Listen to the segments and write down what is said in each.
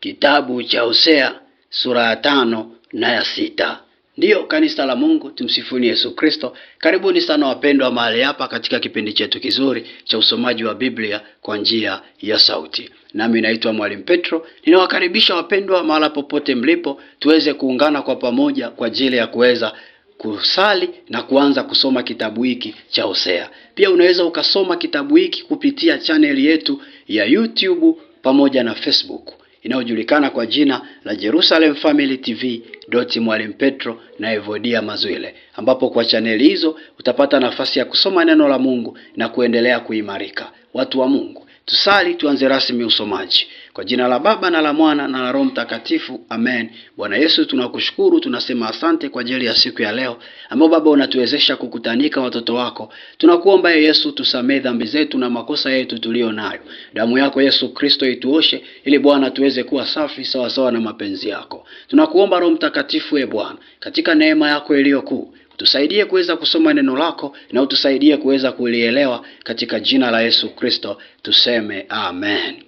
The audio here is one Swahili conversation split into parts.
kitabu cha Hosea sura ya tano na ya sita. Ndiyo kanisa la Mungu, tumsifuni Yesu Kristo. Karibuni sana wapendwa mahali hapa katika kipindi chetu kizuri cha usomaji wa Biblia kwa njia ya sauti, nami naitwa Mwalimu Petro. Ninawakaribisha wapendwa mahala popote mlipo, tuweze kuungana kwa pamoja kwa ajili ya kuweza kusali na kuanza kusoma kitabu hiki cha Hosea. Pia unaweza ukasoma kitabu hiki kupitia chaneli yetu ya YouTube pamoja na Facebook inayojulikana kwa jina la Jerusalem Family TV doti Mwalimu Petro na Evodia Mazwile, ambapo kwa chaneli hizo utapata nafasi ya kusoma neno la Mungu na kuendelea kuimarika. Watu wa Mungu, Tusali tuanze rasmi usomaji. Kwa jina la Baba na la Mwana na la Roho Mtakatifu, amen. Bwana Yesu, tunakushukuru, tunasema asante kwa ajili ya siku ya leo ambayo Baba unatuwezesha kukutanika watoto wako. Tunakuomba ye ee Yesu, tusamee dhambi zetu na makosa yetu tuliyo nayo. Damu yako Yesu Kristo ituoshe, ili Bwana tuweze kuwa safi sawasawa na mapenzi yako. Tunakuomba Roho Mtakatifu, e Bwana, katika neema yako iliyo kuu Tusaidie kuweza kusoma neno lako na utusaidie kuweza kulielewa katika jina la Yesu Kristo, tuseme amen.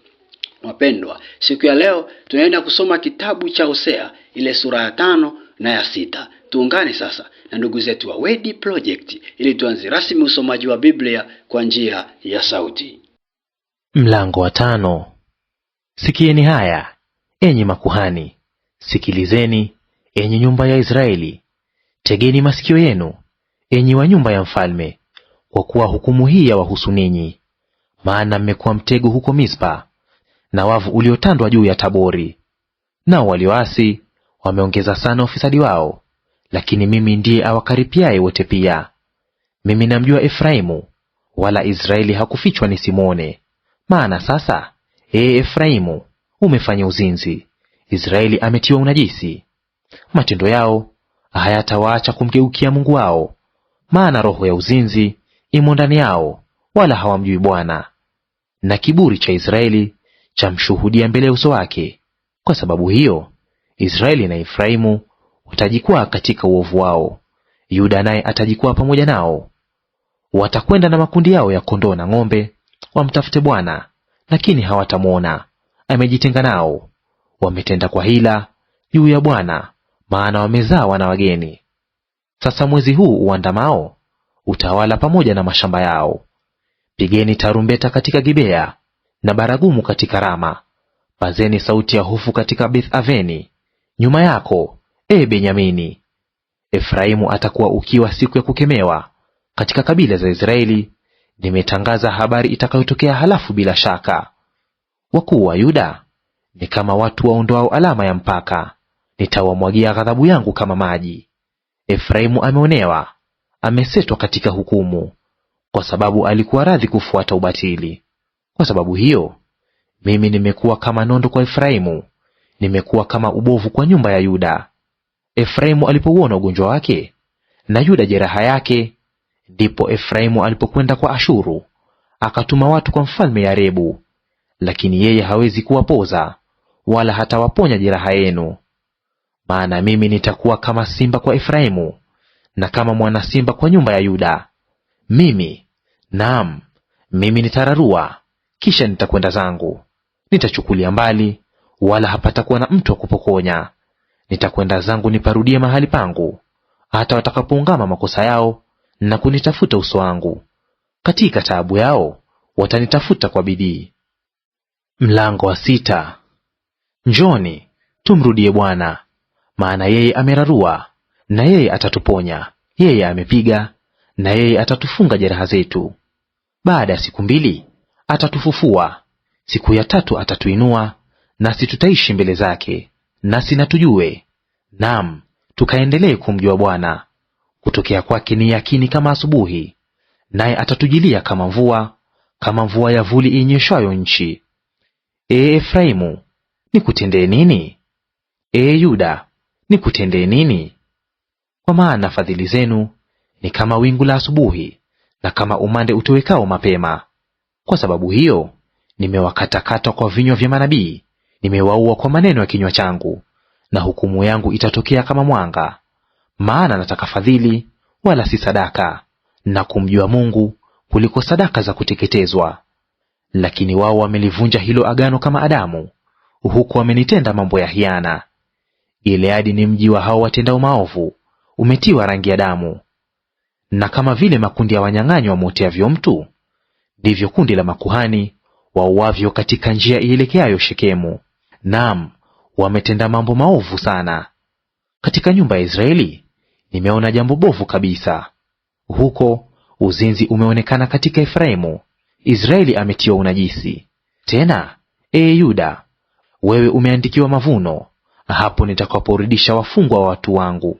Wapendwa, siku ya leo tunaenda kusoma kitabu cha Hosea ile sura ya tano na ya sita. Tuungane sasa na ndugu zetu wa Wedi Project ili tuanze rasmi usomaji wa Biblia kwa njia ya sauti. Mlango wa tano. Sikieni haya enyi makuhani, sikilizeni enyi nyumba ya Israeli, Tegeni masikio yenu, enyi wa nyumba ya mfalme, kwa kuwa hukumu hii yawahusu ninyi. Maana mmekuwa mtego huko Mispa, na wavu uliotandwa juu ya Tabori. Nao walioasi wameongeza sana ufisadi wao, lakini mimi ndiye awakaripiaye wote pia. Mimi namjua Efraimu, wala Israeli hakufichwa nisimwone. Maana sasa, ee Efraimu, umefanya uzinzi, Israeli ametiwa unajisi. Matendo yao hayatawaacha kumgeukia Mungu wao, maana roho ya uzinzi imo ndani yao, wala hawamjui Bwana. Na kiburi cha Israeli chamshuhudia mbele ya uso wake; kwa sababu hiyo Israeli na Efraimu watajikwaa katika uovu wao, Yuda naye atajikwaa pamoja nao. Watakwenda na makundi yao ya kondoo na ng'ombe, wamtafute Bwana, lakini hawatamwona; amejitenga nao. Wametenda kwa hila juu ya Bwana, maana wamezaa wana wageni. Sasa mwezi huu uandamao utawala pamoja na mashamba yao. Pigeni tarumbeta katika Gibea na baragumu katika Rama, pazeni sauti ya hofu katika Beth Aveni. Nyuma yako, e Benyamini. Efraimu atakuwa ukiwa siku ya kukemewa; katika kabila za Israeli nimetangaza habari itakayotokea halafu bila shaka. Wakuu wa Yuda ni kama watu waondoao alama ya mpaka, nitawamwagia ghadhabu yangu kama maji. Efraimu ameonewa, amesetwa katika hukumu, kwa sababu alikuwa radhi kufuata ubatili. Kwa sababu hiyo mimi nimekuwa kama nondo kwa Efraimu, nimekuwa kama ubovu kwa nyumba ya Yuda. Efraimu alipouona ugonjwa wake na Yuda jeraha yake, ndipo Efraimu alipokwenda kwa Ashuru, akatuma watu kwa mfalme Yarebu, lakini yeye hawezi kuwapoza wala hatawaponya jeraha yenu. Maana mimi nitakuwa kama simba kwa Efraimu, na kama mwana simba kwa nyumba ya Yuda. Mimi, naam, mimi nitararua, kisha nitakwenda zangu; nitachukulia mbali, wala hapatakuwa na mtu wa kupokonya. Nitakwenda zangu niparudie mahali pangu, hata watakapoungama makosa yao na kunitafuta uso wangu. Katika taabu yao watanitafuta kwa bidii. Mlango wa sita. Njoni tumrudie Bwana maana yeye amerarua, na yeye atatuponya; yeye amepiga, na yeye atatufunga jeraha zetu. Baada ya siku mbili atatufufua, siku ya tatu atatuinua, nasi tutaishi mbele zake. Nasi na tujue, naam, tukaendelee kumjua Bwana. Kutokea kwake ni yakini kama asubuhi, naye atatujilia kama mvua, kama mvua ya vuli inyeshwayo nchi. Ee Efraimu, nikutendee nini? Ee Yuda, nikutendee nini? Kwa maana fadhili zenu ni kama wingu la asubuhi, na kama umande utowekao mapema. Kwa sababu hiyo nimewakatakata kwa vinywa vya manabii, nimewaua kwa maneno ya kinywa changu, na hukumu yangu itatokea kama mwanga. Maana nataka fadhili, wala si sadaka, na kumjua Mungu kuliko sadaka za kuteketezwa. Lakini wao wamelivunja hilo agano kama Adamu, huku wamenitenda mambo ya hiana. Gileadi ni mji wa hao watendao maovu, umetiwa rangi ya damu. Na kama vile makundi ya wanyang'anyi wamwoteavyo mtu, ndivyo kundi la makuhani wauavyo katika njia ielekeayo Shekemu. Naam, wametenda mambo maovu sana. Katika nyumba ya Israeli nimeona jambo bovu kabisa. Huko uzinzi umeonekana katika Efraimu, Israeli ametiwa unajisi. Tena ee Yuda, wewe umeandikiwa mavuno, hapo nitakaporudisha wafungwa wa watu wangu